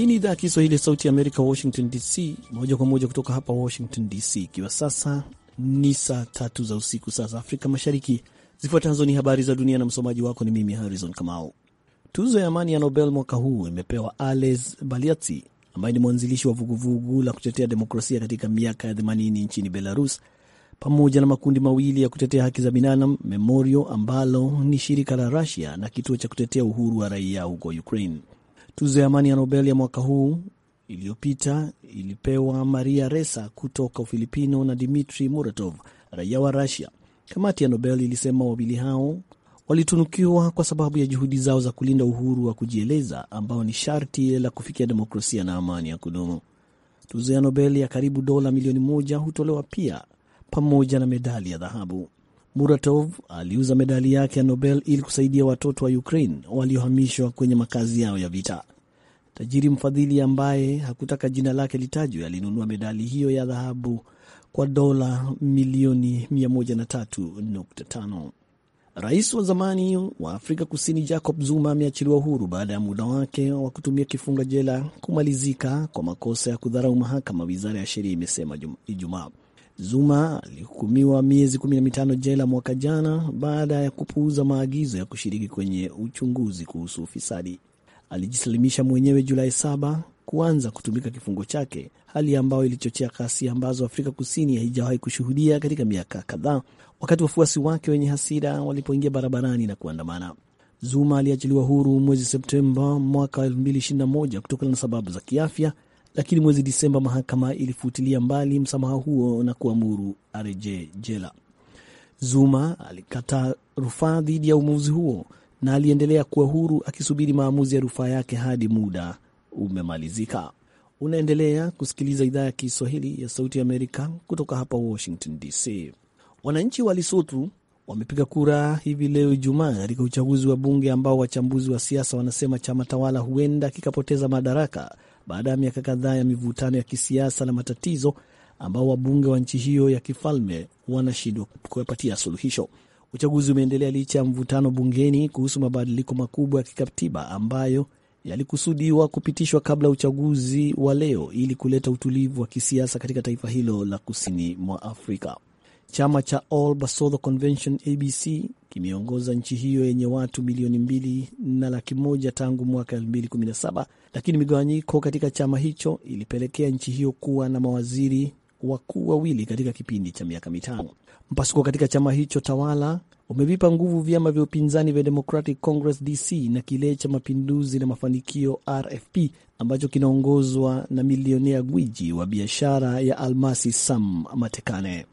Hii ni idhaa ya Kiswahili ya Sauti ya Amerika, Washington DC, moja kwa moja kutoka hapa Washington DC, ikiwa sasa ni saa tatu za usiku, saa za Afrika Mashariki. Zifuatazo ni habari za dunia, na msomaji wako ni mimi Harrison Kamau. Tuzo ya amani ya Nobel mwaka huu imepewa Ales Baliatsi ambaye ni mwanzilishi wa vuguvugu la kutetea demokrasia katika miaka ya 80 nchini Belarus, pamoja na makundi mawili ya kutetea haki za binadam memorio ambalo ni shirika la Rusia na kituo cha kutetea uhuru wa raia huko Ukraine. Tuzo ya amani ya Nobel ya mwaka huu iliyopita ilipewa Maria Ressa kutoka Ufilipino na Dmitri Muratov, raia wa Rusia. Kamati ya Nobel ilisema wawili hao walitunukiwa kwa sababu ya juhudi zao za kulinda uhuru wa kujieleza ambao ni sharti la kufikia demokrasia na amani ya kudumu. Tuzo ya Nobel ya karibu dola milioni moja hutolewa pia pamoja na medali ya dhahabu. Muratov aliuza medali yake ya Nobel ili kusaidia watoto wa Ukraine waliohamishwa kwenye makazi yao ya vita. Tajiri mfadhili ambaye hakutaka jina lake litajwe alinunua medali hiyo ya dhahabu kwa dola milioni 103.5. Rais wa zamani wa Afrika Kusini Jacob Zuma ameachiliwa huru baada ya muda wake wa kutumia kifunga jela kumalizika kwa makosa ya kudharau mahakama, wizara ya sheria imesema Ijumaa. Zuma alihukumiwa miezi na mitano jela mwaka jana baada ya kupuuza maagizo ya kushiriki kwenye uchunguzi kuhusu ufisadi. Alijisalimisha mwenyewe Julai saba kuanza kutumika kifungo chake, hali ambayo ilichochea kasi ambazo Afrika Kusini haijawahi kushuhudia katika miaka kadhaa, wakati wafuasi wake wenye hasira walipoingia barabarani na kuandamana. Zuma aliachiliwa huru mwezi Septemba mwaka 2021 kutokana na sababu za kiafya, lakini mwezi Disemba mahakama ilifutilia mbali msamaha huo na kuamuru arejee jela. Zuma alikata rufaa dhidi ya uamuzi huo na aliendelea kuwa huru akisubiri maamuzi ya rufaa yake hadi muda umemalizika. Unaendelea kusikiliza idhaa ya Kiswahili ya Sauti ya Amerika kutoka hapa Washington DC. Wananchi wa Lesotho wamepiga kura hivi leo Ijumaa katika uchaguzi wa bunge ambao wachambuzi wa siasa wanasema chama tawala huenda kikapoteza madaraka baada ya miaka kadhaa ya mivutano ya kisiasa na matatizo ambao wabunge wa nchi hiyo ya kifalme wanashindwa kuyapatia suluhisho. Uchaguzi umeendelea licha ya mvutano bungeni kuhusu mabadiliko makubwa ya kikatiba ambayo yalikusudiwa kupitishwa kabla ya uchaguzi wa leo ili kuleta utulivu wa kisiasa katika taifa hilo la kusini mwa Afrika. Chama cha All Basotho Convention ABC kimeongoza nchi hiyo yenye watu milioni mbili na laki moja tangu mwaka 2017 lakini migawanyiko katika chama hicho ilipelekea nchi hiyo kuwa na mawaziri wakuu wawili katika kipindi cha miaka mitano. Mpasuko katika chama hicho tawala umevipa nguvu vyama vya upinzani vya Democratic Congress DC na kile cha mapinduzi na mafanikio RFP ambacho kinaongozwa na milionea gwiji wa biashara ya almasi Sam Matekane.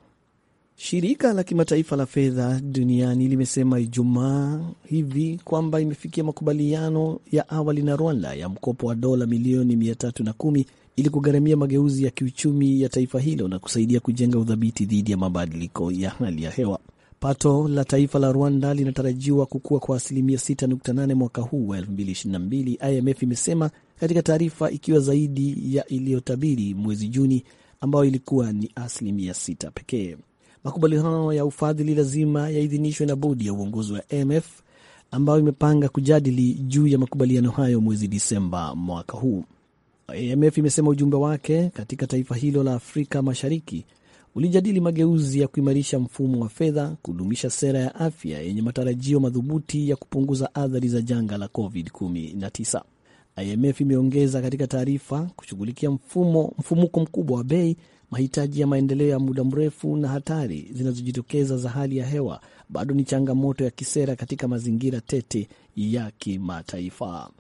Shirika la kimataifa la fedha duniani limesema Ijumaa hivi kwamba imefikia makubaliano ya awali na Rwanda ya mkopo wa dola milioni 310 ili kugharamia mageuzi ya kiuchumi ya taifa hilo na kusaidia kujenga udhabiti dhidi ya mabadiliko ya hali ya hewa. Pato la taifa la Rwanda linatarajiwa kukua kwa asilimia 6.8 mwaka huu wa 2022, IMF imesema katika taarifa, ikiwa zaidi ya iliyotabiri mwezi Juni ambayo ilikuwa ni asilimia 6 pekee. Makubaliano ya ufadhili lazima yaidhinishwe na bodi ya uongozi wa IMF ambayo imepanga kujadili juu ya makubaliano hayo mwezi Disemba mwaka huu. IMF imesema ujumbe wake katika taifa hilo la Afrika Mashariki ulijadili mageuzi ya kuimarisha mfumo wa fedha, kudumisha sera ya afya yenye matarajio madhubuti ya kupunguza athari za janga la COVID-19. IMF imeongeza katika taarifa kushughulikia mfumo mfumuko mkubwa wa bei mahitaji ya maendeleo ya muda mrefu na hatari zinazojitokeza za hali ya hewa bado ni changamoto ya kisera katika mazingira tete ya kimataifa.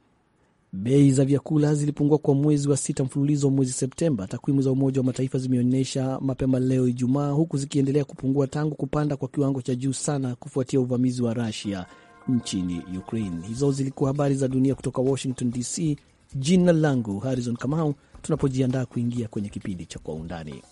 Bei za vyakula zilipungua kwa mwezi wa sita mfululizo mwezi Septemba, takwimu za Umoja wa Mataifa zimeonyesha mapema leo Ijumaa, huku zikiendelea kupungua tangu kupanda kwa kiwango cha juu sana kufuatia uvamizi wa Rusia nchini Ukraine. Hizo zilikuwa habari za dunia kutoka Washington DC. Jina langu Harrison Kamau tunapojiandaa kuingia kwenye kipindi cha Kwa Undani.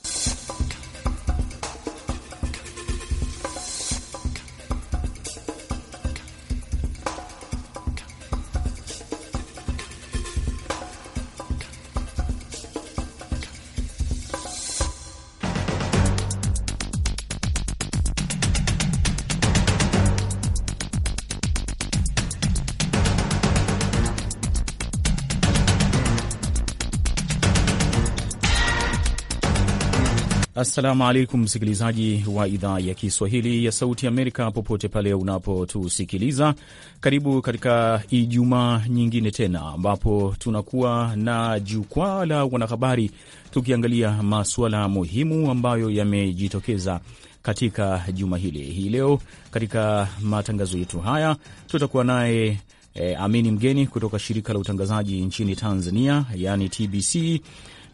Assalamu alaikum, msikilizaji wa idhaa ya Kiswahili ya Sauti Amerika, popote pale unapotusikiliza, karibu katika Ijumaa nyingine tena ambapo tunakuwa na jukwaa la wanahabari tukiangalia masuala muhimu ambayo yamejitokeza katika juma hili. Hii leo katika matangazo yetu haya tutakuwa naye e, Amini Mgeni kutoka shirika la utangazaji nchini Tanzania, yani TBC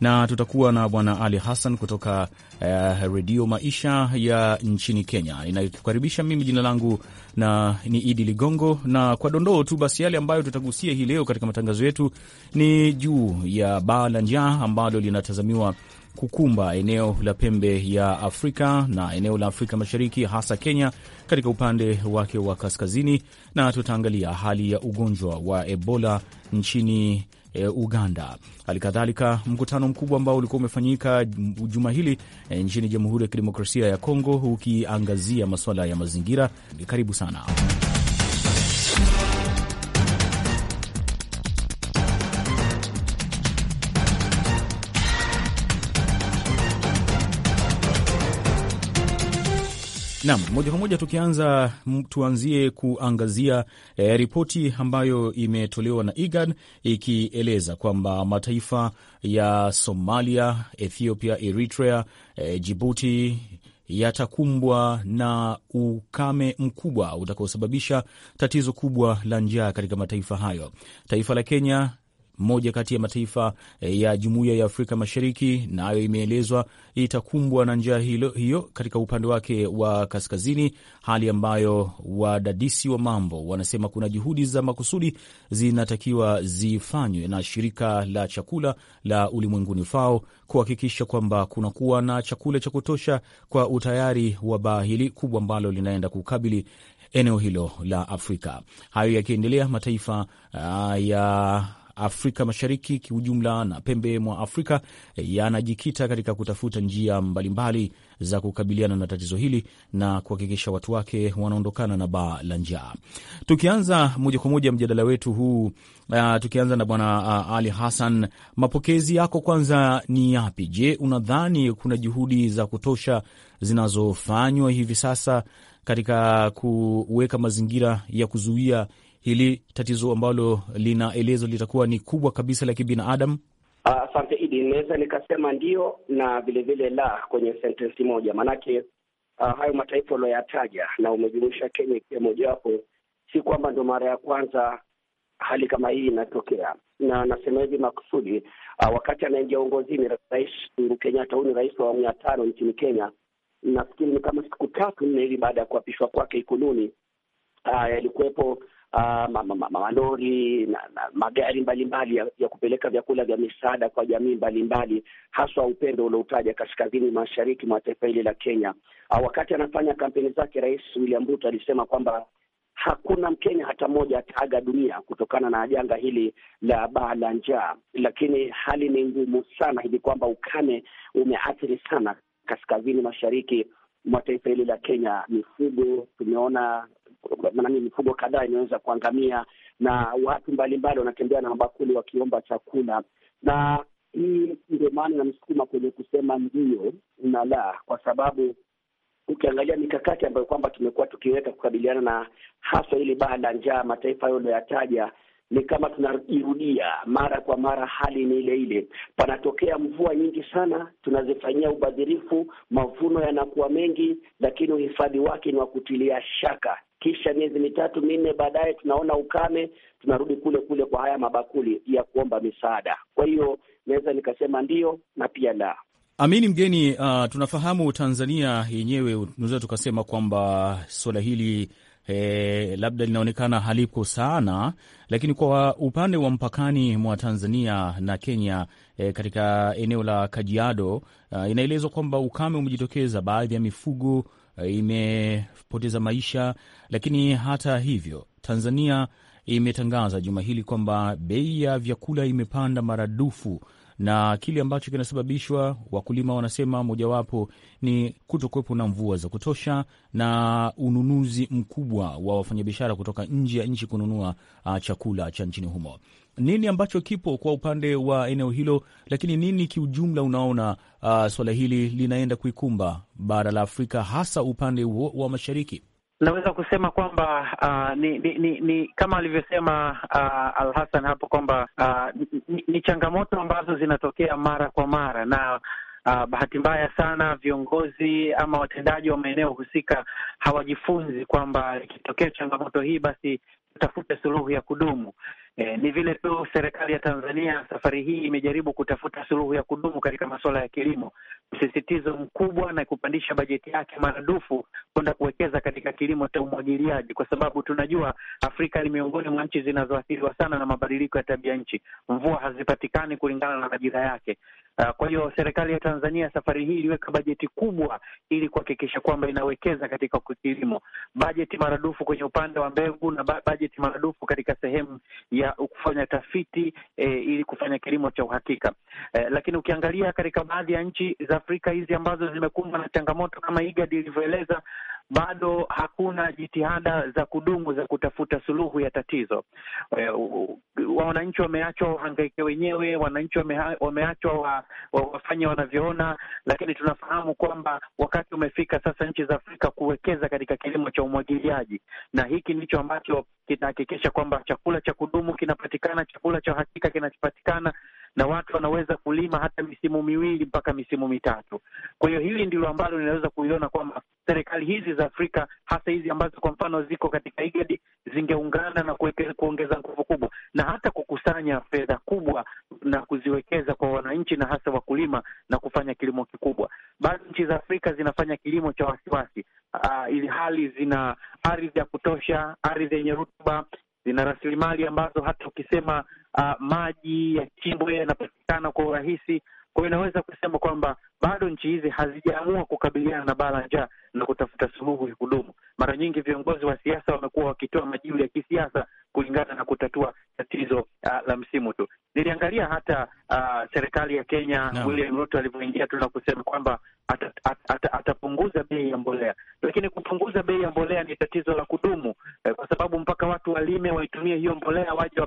na tutakuwa na Bwana Ali Hassan kutoka uh, Redio Maisha ya nchini Kenya. Inayokukaribisha mimi, jina langu na ni Idi Ligongo, na kwa dondoo tu basi, yale ambayo tutagusia hii leo katika matangazo yetu ni juu ya baa la njaa ambalo linatazamiwa kukumba eneo la pembe ya Afrika na eneo la Afrika Mashariki, hasa Kenya katika upande wake wa kaskazini, na tutaangalia hali ya ugonjwa wa Ebola nchini e, Uganda. Halikadhalika, mkutano mkubwa ambao ulikuwa umefanyika juma hili e, nchini Jamhuri ya Kidemokrasia ya Kongo ukiangazia masuala ya mazingira. Karibu sana. nam moja kwa moja tukianza, tuanzie kuangazia eh, ripoti ambayo imetolewa na IGAD ikieleza kwamba mataifa ya Somalia, Ethiopia, Eritrea, eh, Jibuti yatakumbwa na ukame mkubwa utakaosababisha tatizo kubwa la njaa katika mataifa hayo. Taifa la Kenya moja kati ya mataifa e, ya Jumuiya ya Afrika Mashariki, nayo na imeelezwa itakumbwa na njaa hiyo katika upande wake wa kaskazini, hali ambayo wadadisi wa mambo wanasema kuna juhudi za makusudi zinatakiwa zifanywe na shirika la chakula la ulimwenguni FAO kuhakikisha kwamba kunakuwa na chakula cha kutosha kwa utayari wa baa hili kubwa ambalo linaenda kukabili eneo hilo la Afrika. Hayo yakiendelea, mataifa ya Afrika Mashariki kiujumla na pembe mwa Afrika eh, yanajikita katika kutafuta njia mbalimbali za kukabiliana na tatizo hili na kuhakikisha watu wake wanaondokana na baa la njaa. Tukianza moja kwa moja mjadala wetu huu, uh, tukianza na Bwana uh, Ali Hassan, mapokezi yako kwanza ni yapi? Je, unadhani kuna juhudi za kutosha zinazofanywa hivi sasa katika kuweka mazingira ya kuzuia hili tatizo ambalo linaelezwa litakuwa ni kubwa kabisa la kibinadamu? Ah, asante uh, Idi, inaweza nikasema ndio na vilevile la kwenye sentensi moja, maanake uh, ah, hayo mataifa ulioyataja na umejumuisha Kenya ikiwa mojawapo, si kwamba ndo mara ya kwanza hali kama hii inatokea, na nasema hivi makusudi uh, wakati anaingia uongozini Rais Uhuru Kenyatta, huyu ni rais wa awamu ya tano nchini Kenya, nafikiri ni kama siku tatu nne hivi baada ya kuapishwa kwake Ikuluni, uh, yalikuwepo uh, malori na, na magari mbalimbali ya, ya kupeleka vyakula vya misaada kwa jamii mbalimbali, haswa upendo uliotaja kaskazini mashariki mwa taifa hili la Kenya. Uh, wakati anafanya kampeni zake, Rais William Ruto alisema kwamba hakuna Mkenya hata mmoja ataaga dunia kutokana na janga hili la baa la njaa, lakini hali ni ngumu sana hivi kwamba ukame umeathiri sana kaskazini mashariki mwa taifa hili la Kenya. Mifugo tumeona maanani mifugo kadhaa imeweza kuangamia na watu mbalimbali wanatembea na mabakuli wakiomba chakula, na hii ndio maana inamsukuma kwenye kusema ndio na la, kwa sababu ukiangalia mikakati ambayo kwamba tumekuwa tukiweka kukabiliana na haswa hili baa la njaa, mataifa hayo uliyoyataja ni kama tunajirudia mara kwa mara, hali ni ile ile. Panatokea mvua nyingi sana, tunazifanyia ubadhirifu, mavuno yanakuwa mengi, lakini uhifadhi wake ni wa kutilia shaka kisha miezi mitatu minne baadaye tunaona ukame, tunarudi kule kule kwa haya mabakuli ya kuomba misaada. Kwa hiyo naweza nikasema ndio na pia la. Amini mgeni, uh, tunafahamu Tanzania yenyewe tunaweza tukasema kwamba suala hili eh, labda linaonekana halipo sana, lakini kwa upande wa mpakani mwa Tanzania na Kenya eh, katika eneo la Kajiado uh, inaelezwa kwamba ukame umejitokeza, baadhi ya mifugo imepoteza maisha. Lakini hata hivyo, Tanzania imetangaza juma hili kwamba bei ya vyakula imepanda maradufu na kile ambacho kinasababishwa, wakulima wanasema mojawapo ni kutokuwepo na mvua za kutosha na ununuzi mkubwa wa wafanyabiashara kutoka nje ya nchi kununua ah, chakula cha nchini humo nini ambacho kipo kwa upande wa eneo hilo, lakini nini kiujumla unaona uh, suala hili linaenda kuikumba bara la Afrika, hasa upande wa, wa mashariki? Naweza kusema kwamba uh, ni, ni, ni, ni kama alivyosema uh, Al hapo kwamba uh, ni, ni changamoto ambazo zinatokea mara kwa mara na Uh, bahati mbaya sana viongozi ama watendaji wa maeneo husika hawajifunzi kwamba ikitokea changamoto hii basi tutafute suluhu ya kudumu. E, ni vile tu serikali ya Tanzania safari hii imejaribu kutafuta suluhu ya kudumu katika masuala ya kilimo, msisitizo mkubwa na kupandisha bajeti yake maradufu kwenda kuwekeza katika kilimo cha umwagiliaji, kwa sababu tunajua Afrika ni miongoni mwa nchi zinazoathiriwa sana na mabadiliko ya tabia nchi. Mvua hazipatikani kulingana na majira yake. Ah, kwa hiyo serikali ya Tanzania safari hii iliweka bajeti kubwa ili kuhakikisha kwamba inawekeza katika kilimo, bajeti maradufu kwenye upande wa mbegu na bajeti maradufu katika sehemu ya kufanya tafiti eh, ili kufanya kilimo cha uhakika eh, lakini ukiangalia katika baadhi ya nchi za Afrika hizi ambazo zimekumbwa na changamoto kama IGAD ilivyoeleza, bado hakuna jitihada za kudumu za kutafuta suluhu ya tatizo. Eh, wananchi wameachwa wahangaike wenyewe, wananchi wameachwa wafanye wanavyoona, lakini tunafahamu kwamba wakati umefika sasa nchi za Afrika kuwekeza katika kilimo cha umwagiliaji, na hiki ndicho ambacho kinahakikisha kwamba chakula cha kudumu kinapatikana, chakula cha uhakika kinachopatikana, na watu wanaweza kulima hata misimu miwili mpaka misimu mitatu. Kwa hiyo hili ndilo ambalo linaweza kuiona kwamba serikali hizi za Afrika hasa hizi ambazo kwa mfano ziko katika IGAD zingeungana na kuongeza nguvu kubwa na hata kukusanya fedha kubwa na kuziwekeza kwa wananchi na hasa wakulima na kufanya kilimo kikubwa. Baadhi nchi za Afrika zinafanya kilimo cha wasiwasi uh, ili hali zina ardhi ya kutosha, ardhi yenye rutuba, zina rasilimali ambazo hata ukisema uh, maji ya chimbwe yanapatikana kwa urahisi. Kwa hiyo inaweza kusema kwamba bado nchi hizi hazijaamua kukabiliana na baa la njaa na kutafuta suluhu ya kudumu. Mara nyingi viongozi wa siasa wamekuwa wakitoa majibu ya kisiasa kulingana na kutatua tatizo uh, la msimu tu. Niliangalia hata uh, serikali ya Kenya no. William Ruto alivyoingia tu na kusema kwamba atapunguza ata, ata, ata bei ya mbolea, lakini kupunguza bei ya mbolea ni tatizo la kudumu eh, kwa sababu mpaka watu walime waitumie hiyo mbolea waje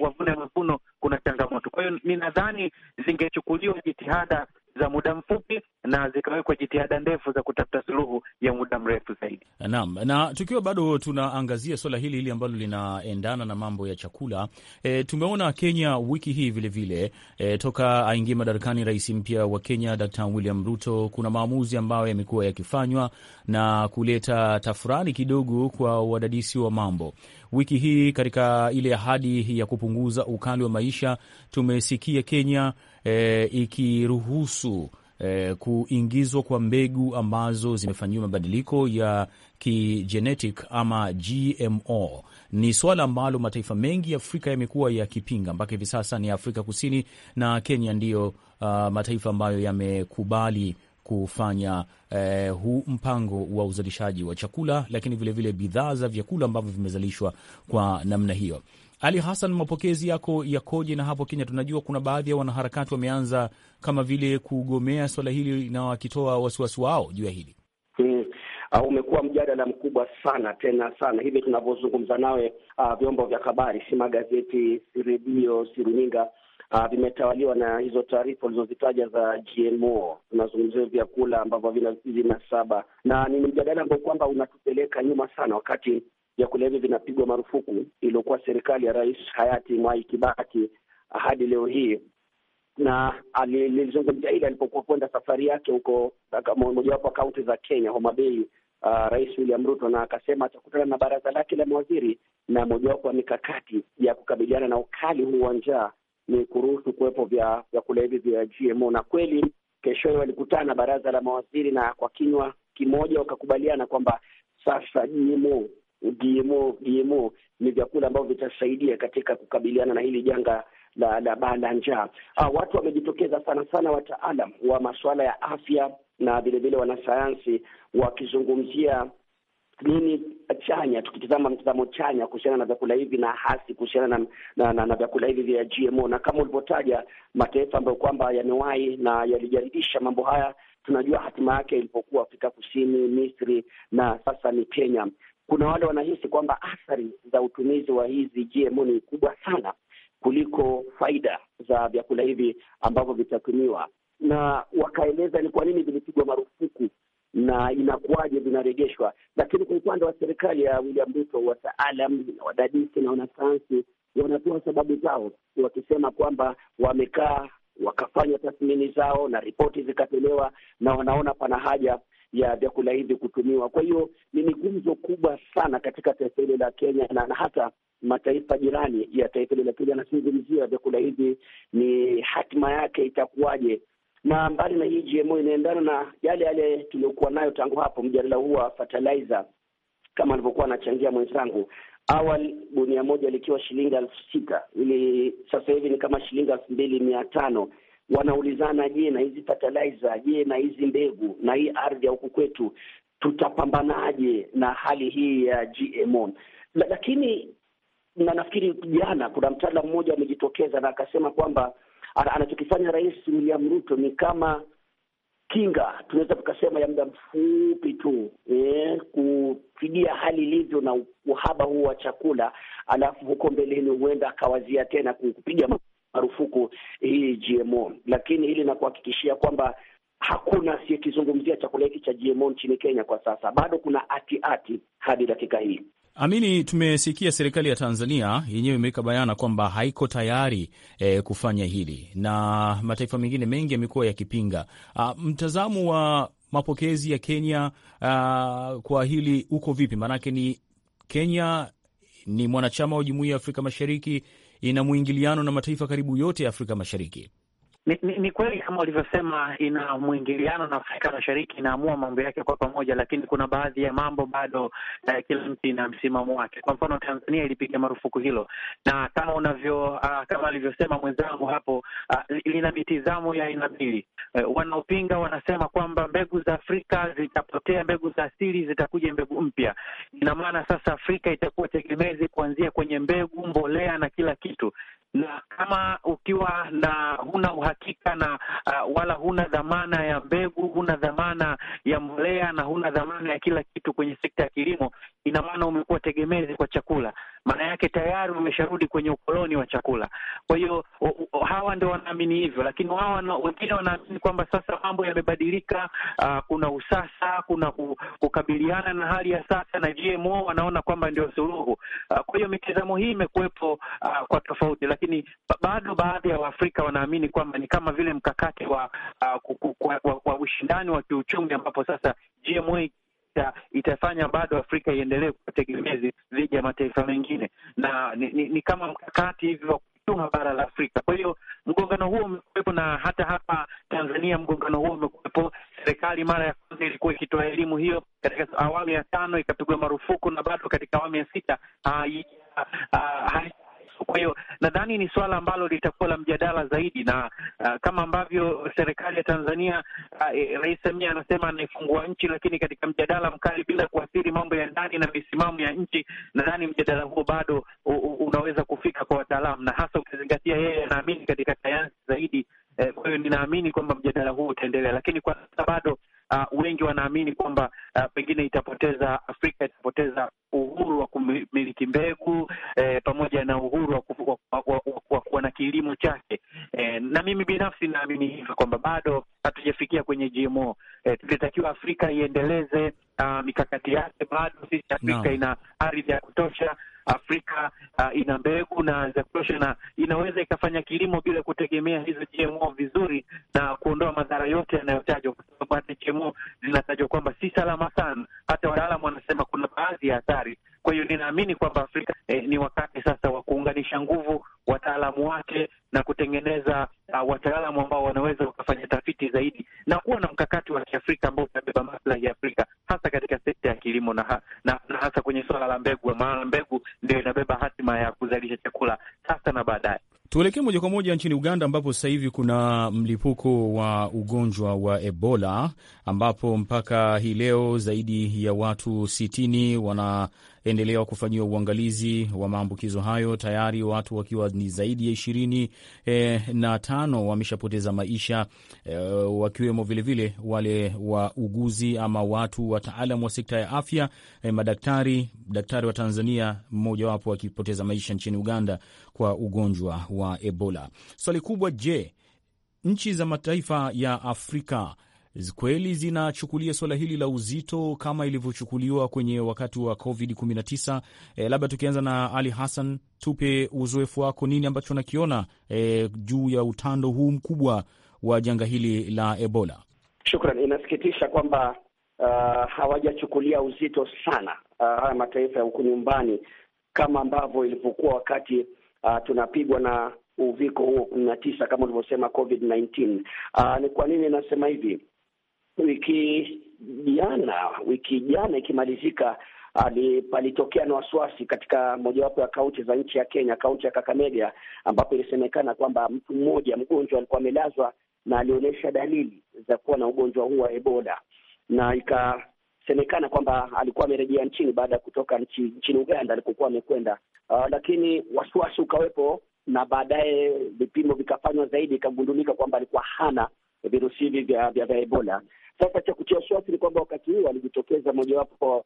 wavune mavuno, kuna changamoto. Kwa hiyo nadhani zingechukuliwa jitihada za muda mfupi na zikawekwa jitihada ndefu za kutafuta suluhu ya muda mrefu zaidi. Naam, na tukiwa bado tunaangazia swala hili hili ambalo linaendana na mambo ya chakula e, tumeona Kenya wiki hii vilevile vile, e, toka aingie madarakani rais mpya wa Kenya Dr. William Ruto, kuna maamuzi ambayo yamekuwa yakifanywa na kuleta tafurani kidogo kwa wadadisi wa mambo. Wiki hii katika ile ahadi ya kupunguza ukali wa maisha tumesikia Kenya e, ikiruhusu kuruhusu eh, kuingizwa kwa mbegu ambazo zimefanyiwa mabadiliko ya kigenetic ama GMO ni swala ambalo mataifa mengi Afrika yamekuwa yakipinga mpaka hivi sasa. Ni Afrika Kusini na Kenya ndiyo uh, mataifa ambayo yamekubali kufanya eh, huu mpango wa uzalishaji wa chakula, lakini vilevile bidhaa za vyakula ambavyo vimezalishwa kwa namna hiyo. Ali Hassan, mapokezi yako yakoje? Na hapo Kenya tunajua kuna baadhi ya wanaharakati wameanza kama vile kugomea swala hili na wakitoa wasiwasi wao juu ya hili hmm. Uh, umekuwa mjadala mkubwa sana tena sana hivi tunavyozungumza nawe. Uh, vyombo vya habari, si magazeti, si redio, si runinga Uh, vimetawaliwa na hizo taarifa ulizozitaja za GMO. Tunazungumzia vyakula ambavyo vina saba, na ni mjadala ambao kwamba unatupeleka nyuma sana, wakati vya kulevya vinapigwa marufuku iliyokuwa serikali ya Rais hayati Mwai Kibaki hadi leo hii, na alilizungumzia hili alipokuwa kwenda safari yake huko mojawapo wa kaunti za Kenya, Homa Bay. Uh, Rais William Ruto na akasema atakutana na baraza lake la mawaziri, na mojawapo wa mikakati ya kukabiliana na ukali huu wa njaa ni kuruhusu kuwepo vya vyakula hivi vya GMO, na kweli keshowe walikutana baraza la mawaziri, na kwa kinywa kimoja wakakubaliana kwamba sasa GMO GMO, GMO ni vyakula ambavyo vitasaidia katika kukabiliana na hili janga la la baa la njaa. Ah, watu wamejitokeza sana sana, wataalam wa masuala ya afya na vilevile wanasayansi wakizungumzia nini chanya, tukitizama mtazamo chanya kuhusiana na vyakula hivi na hasi kuhusiana na, na, na, na vyakula hivi vya GMO, na kama ulivyotaja mataifa ambayo kwamba yamewahi na yalijaribisha mambo haya tunajua hatima yake ilipokuwa Afrika Kusini, Misri na sasa ni Kenya kuna wale wanahisi kwamba athari za utumizi wa hizi GMO ni kubwa sana kuliko faida za vyakula hivi ambavyo vitatumiwa, na wakaeleza ni kwa nini vilipigwa marufuku na inakuwaje vinarejeshwa. Lakini kwa upande wa serikali ya William Ruto, wataalam na wadadisi na wanasayansi wanatoa sababu zao, wakisema kwamba wamekaa wakafanya tathmini zao na ripoti zikatolewa, na wanaona pana haja ya vyakula hivi kutumiwa. Kwa hiyo ni gumzo kubwa sana katika taifa hili la Kenya na, na hata mataifa jirani ya taifa hili la Kenya yanazungumzia vyakula hivi, ni hatima yake itakuwaje? Na mbali na hii GMO inaendana na yale yale tuliokuwa nayo tangu hapo, mjadala huu wa fertilizer kama alivyokuwa anachangia mwenzangu awali, gunia moja likiwa shilingi elfu sita ili sasa hivi ni kama shilingi elfu mbili mia tano wanaulizana, je, na hizi fertilizer, je, na hizi mbegu na hii ardhi ya huku kwetu tutapambanaje na hali hii ya GMO? Lakini na nafikiri jana kuna mtaalam mmoja amejitokeza na akasema kwamba anachokifanya Rais William Ruto ni kama kinga, tunaweza tukasema ya muda mfupi tu eh, kupigia hali ilivyo na uhaba huu wa chakula, alafu huko mbeleni huenda akawazia tena kupiga marufuku hii GMO, lakini hili nakuhakikishia kwamba hakuna asiyekizungumzia chakula hiki cha GMO nchini Kenya kwa sasa. Bado kuna ati-ati hadi dakika hii. Amini, tumesikia serikali ya Tanzania yenyewe imeweka bayana kwamba haiko tayari e, kufanya hili na mataifa mengine mengi yamekuwa yakipinga. Ah, mtazamo wa mapokezi ya Kenya a, ah, kwa hili uko vipi? Maanake ni Kenya ni mwanachama wa jumuiya ya Afrika Mashariki, ina mwingiliano na mataifa karibu yote ya Afrika Mashariki. Ni, ni, ni kweli kama ulivyosema, ina mwingiliano na Afrika Mashariki inaamua mambo yake kwa pamoja, lakini kuna baadhi ya mambo bado eh, kila mtu ina msimamo wake. Kwa mfano, Tanzania ilipiga marufuku hilo, na kama unavyo uh, kama alivyosema mwenzangu hapo uh, lina mitizamo ya aina mbili. Uh, wanaopinga wanasema kwamba mbegu za Afrika zitapotea, mbegu za asili zitakuja mbegu mpya. Ina maana sasa Afrika itakuwa tegemezi kuanzia kwenye mbegu, mbolea na kila kitu na kama ukiwa na huna uhakika na uh, wala huna dhamana ya mbegu, huna dhamana ya mbolea na huna dhamana ya kila kitu kwenye sekta ya kilimo, ina maana umekuwa tegemezi kwa chakula, maana yake tayari wamesharudi kwenye ukoloni wa chakula. Kwa hiyo hawa ndio wanaamini hivyo, lakini wao wengine wanaamini kwamba sasa mambo yamebadilika. Uh, kuna usasa, kuna kukabiliana na hali ya sasa na GMO wanaona kwamba ndio suluhu. Uh, kwa hiyo mitazamo hii imekuwepo uh, kwa tofauti, lakini bado baadhi ya Waafrika wanaamini kwamba ni kama vile mkakati wa uh, wa, wa, wa ushindani wa kiuchumi ambapo sasa GMO ita, itafanya bado Afrika iendelee kutegemezi dhidi ya mataifa mengine, na ni, ni, ni kama mkakati hivi wa kuchuma bara la Afrika. Kwa hiyo mgongano huo umekuwepo, na hata hapa Tanzania mgongano huo umekuwepo. Serikali mara ya kwanza ilikuwa ikitoa elimu hiyo katika awamu ya tano, ikapigwa marufuku na bado katika awamu ya sita ha, ha, ha, kwa hiyo nadhani ni suala ambalo litakuwa la mjadala zaidi, na uh, kama ambavyo serikali ya Tanzania uh, e, Rais Samia anasema anaifungua nchi, lakini katika mjadala mkali bila kuathiri mambo ya ndani na misimamo ya nchi, nadhani mjadala huo bado unaweza kufika kwa wataalamu, na hasa ukizingatia yeye anaamini katika sayansi zaidi Eh, kwa hiyo ninaamini kwamba mjadala huu utaendelea, lakini kwa sasa bado uh, wengi wanaamini kwamba uh, pengine itapoteza Afrika itapoteza uhuru wa kumiliki mbegu eh, pamoja na uhuru wa kuwa wa, wa, wa, wa, na kilimo chake eh, na mimi binafsi naamini hivyo kwamba bado hatujafikia kwenye GMO eh, tulitakiwa Afrika iendeleze uh, mikakati yake. Bado sisi Afrika no. ina ardhi ya kutosha Afrika uh, ina mbegu na za kutosha, na inaweza ikafanya kilimo bila kutegemea hizo GMO vizuri na kuondoa madhara yote yanayotajwa, kwa sababu hata GMO zinatajwa kwamba si salama sana. Hata wataalamu wanasema kuna baadhi ya hatari kwa hiyo ninaamini kwamba Afrika eh, ni wakati sasa wa kuunganisha nguvu wataalamu wake na kutengeneza uh, wataalamu ambao wanaweza wakafanya tafiti zaidi na kuwa na mkakati wa Kiafrika ambao utabeba maslahi ya Afrika hasa katika sekta ya kilimo na, ha, na, na hasa kwenye suala la mbegu, maana mbegu ndio inabeba hatima ya kuzalisha chakula sasa na baadaye. Tuelekee moja kwa moja nchini Uganda ambapo sasa hivi kuna mlipuko wa ugonjwa wa Ebola ambapo mpaka hii leo zaidi ya watu sitini wana endelea kufanyiwa uangalizi wa maambukizo hayo, tayari watu wakiwa ni zaidi ya ishirini e, na tano wameshapoteza maisha e, wakiwemo vilevile wale wauguzi ama watu wataalam wa sekta ya afya e, madaktari, daktari wa Tanzania mmojawapo akipoteza maisha nchini Uganda kwa ugonjwa wa Ebola. Swali kubwa, je, nchi za mataifa ya Afrika kweli zinachukulia suala hili la uzito kama ilivyochukuliwa kwenye wakati wa COVID-19? E, labda tukianza na Ali Hassan, tupe uzoefu wako, nini ambacho unakiona e, juu ya utando huu mkubwa wa janga hili la Ebola? Shukran. Inasikitisha kwamba uh, hawajachukulia uzito sana uh, haya uh, mataifa ya huku nyumbani kama ambavyo ilivyokuwa wakati uh, tunapigwa na uviko huo kumi na tisa kama ulivyosema COVID-19. Uh, ni kwa nini nasema hivi? wiki jana wiki jana ikimalizika ah, palitokea na wasiwasi katika mojawapo ya kaunti za nchi ya Kenya, kaunti ya Kakamega, ambapo ilisemekana kwamba mtu mmoja mgonjwa alikuwa amelazwa na alionyesha dalili za kuwa na ugonjwa huu wa Ebola, na ikasemekana kwamba alikuwa amerejea nchini baada ya kutoka nchi, nchini Uganda alikokuwa amekwenda. Uh, lakini wasiwasi ukawepo, na baadaye vipimo vikafanywa zaidi, ikagundulika kwamba alikuwa hana virusi hivi vya, vya, vya Ebola. Sasa cha kutia wasiwasi ni kwamba wakati huu alijitokeza mojawapo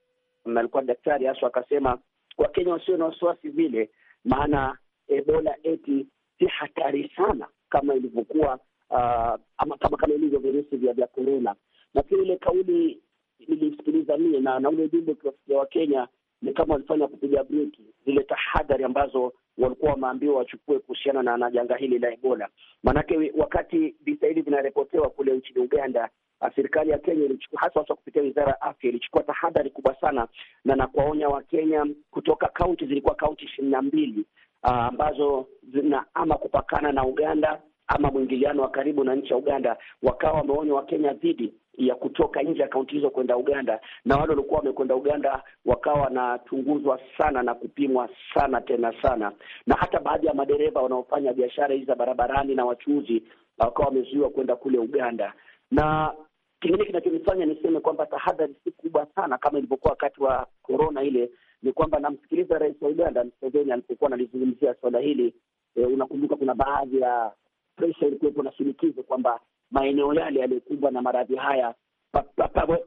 alikuwa daktari haswa, akasema Wakenya wasio na wasiwasi vile, maana Ebola eti si hatari sana kama ilivyokuwa uh, ama kama kama ilivyo virusi vya vya korona. lakini ile kauli nilisikiliza mie na na ule ujumbe ukiwafikia Wakenya ni kama walifanya kupiga breki zile tahadhari ambazo walikuwa wameambiwa wachukue kuhusiana na, na janga hili la Ebola. Maanake wakati visa hivi vinaripotewa kule nchini Uganda, uh, serikali ya Kenya ilichukua hasa hasa kupitia wizara ya afya ilichukua tahadhari kubwa sana na na kuwaonya Wakenya kutoka kaunti, zilikuwa kaunti ishirini na mbili uh, ambazo zina ama kupakana na Uganda ama mwingiliano wa karibu na nchi ya Uganda, wakawa wameonywa Wakenya dhidi ya kutoka nje ya kaunti hizo kwenda Uganda, na wale walikuwa wamekwenda Uganda wakawa wanachunguzwa sana na kupimwa sana tena sana, na hata baadhi ya madereva wanaofanya biashara hizi za barabarani na wachuuzi wakawa wamezuiwa kwenda kule Uganda. Na kingine kinachonifanya niseme kwamba tahadhari si kubwa sana kama ilivyokuwa wakati wa korona ile ni kwamba namsikiliza rais wa Uganda Museveni alipokuwa analizungumzia swala hili. E, unakumbuka kuna baadhi ya presha ilikuwepo na shinikizo kwamba maeneo yale yaliyokumbwa na maradhi haya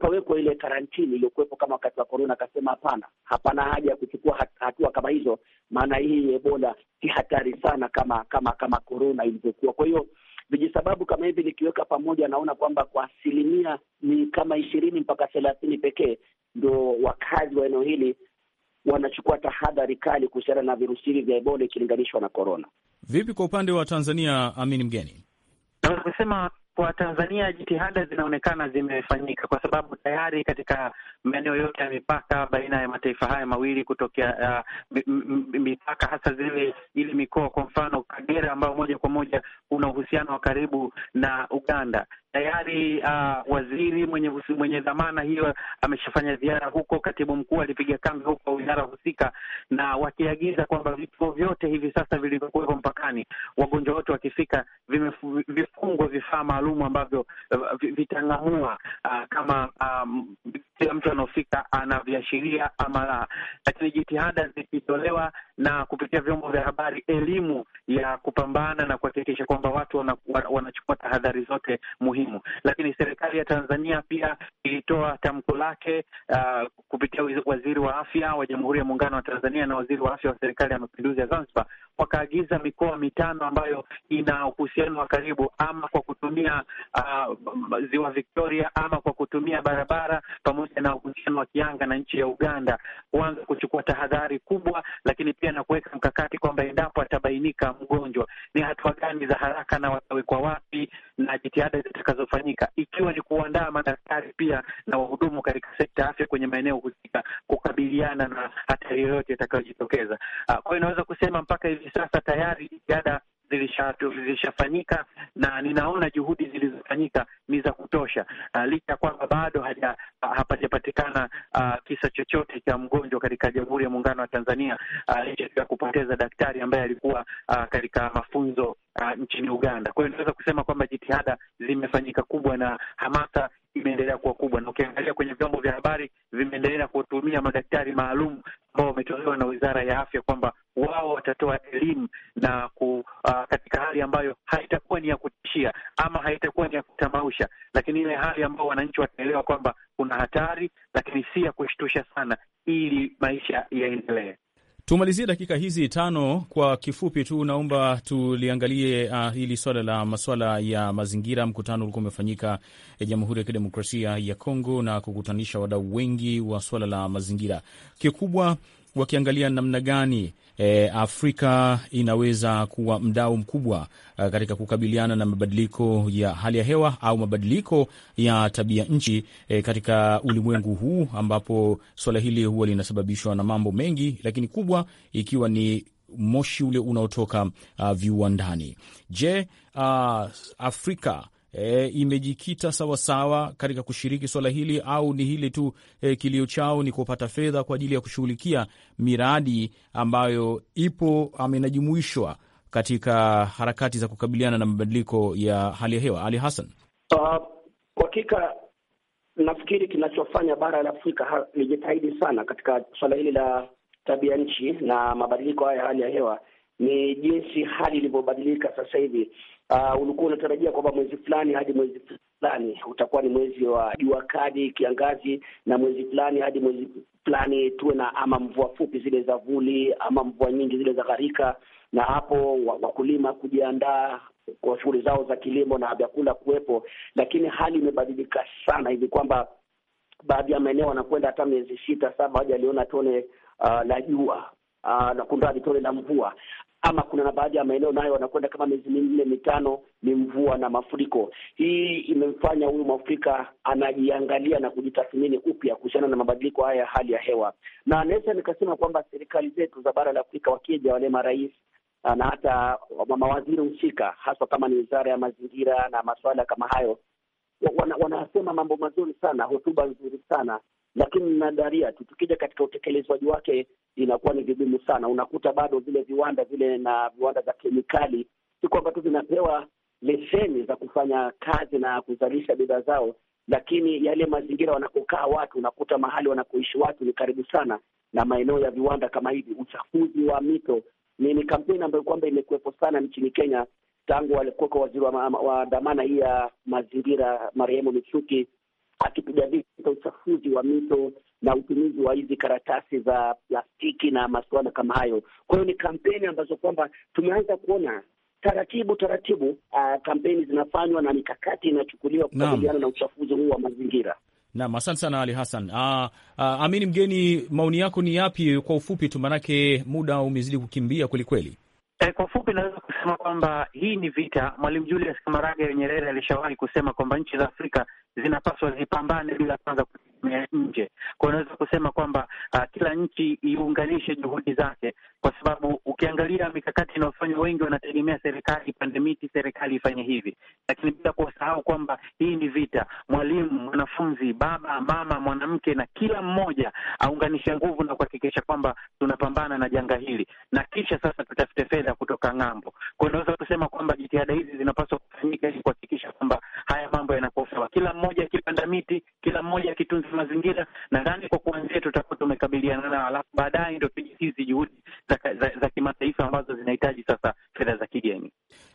pawekwa ile karantini iliyokuwepo kama wakati wa korona. Akasema hapana, hapana haja ya kuchukua hatua kama hizo, maana hii Ebola si hatari sana kama kama kama korona ilivyokuwa. Kwa hiyo vijisababu kama hivi nikiweka pamoja, naona kwamba kwa asilimia ni kama ishirini mpaka thelathini pekee ndo wakazi wa eneo hili wanachukua tahadhari kali kuhusiana na virusi hivi vya Ebola ikilinganishwa na korona. Vipi kwa upande wa Tanzania, Amini Mgeni? Naweza kusema kwa Tanzania jitihada zinaonekana zimefanyika, kwa sababu tayari katika maeneo yote ya mipaka baina ya mataifa haya mawili kutokea uh, mipaka hasa zile ili mikoa, kwa mfano Kagera ambayo moja kwa moja una uhusiano wa karibu na Uganda tayari uh, waziri mwenye mwenye dhamana hiyo ameshafanya ziara huko. Katibu mkuu alipiga kambi huko wizara husika, na wakiagiza kwamba vituo vyote hivi sasa vilivyokuwepo mpaka ndani, wagonjwa wote wakifika, vimefungwa vifaa maalum ambavyo eh, vitang'amua uh, kama um, kila um, mtu anaofika anaviashiria ama la. Lakini jitihada zikitolewa na kupitia vyombo vya habari, elimu ya kupambana na kuhakikisha kwamba watu wanachukua tahadhari zote muhimu. Lakini serikali ya Tanzania pia ilitoa tamko lake uh, kupitia waziri wa afya wa Jamhuri ya Muungano wa Tanzania na waziri wa afya wa Serikali ya Mapinduzi ya Zanzibar wakaagiza mikoa mitano ambayo ina uhusiano wa karibu, ama kwa kutumia uh, ziwa Victoria ama kwa kutumia barabara pamoja na uhusiano wa kianga na nchi ya Uganda, kuanza kuchukua tahadhari kubwa, lakini pia na kuweka mkakati kwamba endapo atabainika mgonjwa, ni hatua gani za haraka na watawekwa wapi na jitihada zitakazofanyika, ikiwa ni kuandaa madaktari pia na wahudumu katika sekta ya afya kwenye maeneo husika kukabiliana na hatari yoyote itakayojitokeza. Uh, kwa hiyo inaweza kusema mpaka hivi hivi sasa tayari jitihada zilishafanyika na ninaona juhudi zilizofanyika ni za kutosha, uh, licha ya kwamba bado hapajapatikana uh, kisa chochote cha mgonjwa katika Jamhuri ya Muungano wa Tanzania, uh, licha ya kupoteza daktari ambaye alikuwa uh, katika mafunzo uh, nchini Uganda. Kwa hiyo kusema kwamba jitihada zimefanyika kubwa na hamasa imeendelea kuwa kubwa, na ukiangalia kwenye vyombo vya habari vimeendelea kutumia madaktari maalum ambao wametolewa na Wizara ya Afya kwamba wao watatoa elimu na ku, uh, katika hali ambayo haitakuwa ni ya kutishia ama haitakuwa ni ya kutamausha, lakini ile hali ambayo wananchi wataelewa kwamba kuna hatari, lakini si ya kushtusha sana, ili maisha yaendelee. Tumalizie dakika hizi tano kwa kifupi tu, naomba tuliangalie uh, hili swala la maswala ya mazingira. Mkutano ulikuwa umefanyika eh, Jamhuri ya Kidemokrasia ya Kongo na kukutanisha wadau wengi wa swala la mazingira. Kikubwa wakiangalia namna gani e, Afrika inaweza kuwa mdau mkubwa a, eh, katika kukabiliana na mabadiliko ya hali ya hewa au mabadiliko ya tabia nchi e, katika ulimwengu huu ambapo suala hili huwa linasababishwa na mambo mengi, lakini kubwa ikiwa ni moshi ule unaotoka uh, viwandani. Je, uh, Afrika e, imejikita sawasawa katika kushiriki swala hili au ni hili tu e, kilio chao ni kupata fedha kwa ajili ya kushughulikia miradi ambayo ipo ama inajumuishwa katika harakati za kukabiliana na mabadiliko ya hali ya hewa? Ali Hassan. Ah, kwa hakika nafikiri kinachofanya bara la Afrika lijitahidi sana katika swala hili la tabia nchi na mabadiliko haya ya hali ya hewa ni jinsi hali ilivyobadilika sasa hivi uh, ulikuwa unatarajia kwamba mwezi fulani hadi mwezi fulani utakuwa ni mwezi wa jua kali, kiangazi, na mwezi fulani hadi mwezi fulani tuwe na ama mvua fupi zile za vuli ama mvua nyingi zile za gharika, na hapo wakulima kujiandaa kwa shughuli zao za kilimo na vyakula kuwepo, lakini hali imebadilika sana hivi kwamba baadhi ya maeneo wanakwenda hata miezi sita saba aliona tone uh, la jua uh, na kundadi tone la mvua ama kuna na baadhi ya maeneo nayo wanakwenda kama miezi minne mitano ni mvua na mafuriko. Hii imemfanya huyu Mwafrika anajiangalia na kujitathmini upya kuhusiana na mabadiliko haya ya hali ya hewa, na naweza nikasema kwamba serikali zetu za bara la Afrika wakija wale marais ah, na hata mawaziri husika, haswa kama ni wizara ya mazingira na masuala kama hayo, wanasema wana mambo mazuri sana, hotuba nzuri sana lakini nadharia tu, tukija katika utekelezwaji wake inakuwa ni vigumu sana. Unakuta bado zile viwanda zile na viwanda za kemikali si kwamba tu vinapewa leseni za kufanya kazi na kuzalisha bidhaa zao, lakini yale mazingira wanakokaa watu, unakuta mahali wanakoishi watu ni karibu sana na maeneo ya viwanda kama hivi. Uchafuzi wa mito ni, ni kampeni ambayo kwamba imekuwepo sana nchini Kenya tangu alikuweko waziri wa, wa dhamana hii ya mazingira marehemu Michuki akipiga vita uchafuzi wa mito na utumizi wa hizi karatasi za plastiki na masuala kama hayo. Kwa hiyo ni kampeni ambazo kwamba tumeanza kuona taratibu taratibu, uh, kampeni zinafanywa na mikakati inachukuliwa kukabiliana na uchafuzi huu wa mazingira. Naam, asante sana Ali Hassan. Uh, uh, Amini Mgeni, maoni yako ni yapi kwa ufupi tu, maanake muda umezidi kukimbia kwelikweli. E, eh, kwa ufupi naweza kusema kwamba hii ni vita. Mwalimu Julius Kamarage Nyerere alishawahi kusema kwamba nchi za Afrika zinapaswa zipambane bila kwanza ya nje. Kwa unaweza kusema kwamba uh, kila nchi iunganishe juhudi zake, kwa sababu ukiangalia mikakati inayofanywa, wengi wanategemea serikali ipande miti, serikali ifanye hivi, lakini bila kuwasahau kwamba hii ni vita. Mwalimu, mwanafunzi, baba, mama, mwanamke na kila mmoja aunganishe nguvu na kuhakikisha kwamba tunapambana na janga hili, na kisha sasa tutafute fedha kutoka ng'ambo. Kwa unaweza kusema kwamba jitihada hizi zinapaswa kufanyika ili kuhakikisha kwamba haya mambo yanakuwa kila mmoja akipanda miti, kila mmoja akitunza usafi mazingira. Nadhani kwa kuanzia tutakuwa tumekabiliana nao, alafu baadaye ndo tuje hizi juhudi za, za, za kimataifa ambazo zinahitaji sasa fedha za kigeni.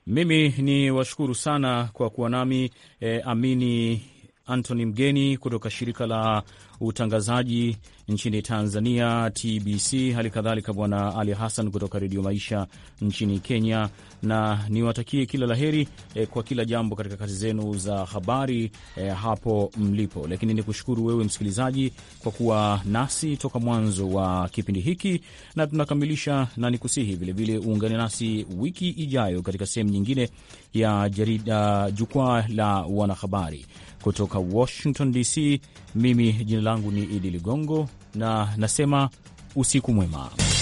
Mimi ni washukuru sana kwa kuwa nami eh, Amini Anthony mgeni kutoka shirika la utangazaji nchini Tanzania, TBC, hali kadhalika Bwana Ali Hassan kutoka Redio Maisha nchini Kenya, na niwatakie kila la heri eh, kwa kila jambo katika kazi zenu za habari eh, hapo mlipo. Lakini ni kushukuru wewe msikilizaji kwa kuwa nasi toka mwanzo wa kipindi hiki na tunakamilisha, na nikusihi vilevile uungane nasi wiki ijayo katika sehemu nyingine ya jarida Jukwaa la Wanahabari kutoka Washington DC. Mimi jina langu ni Idi Ligongo na nasema usiku mwema.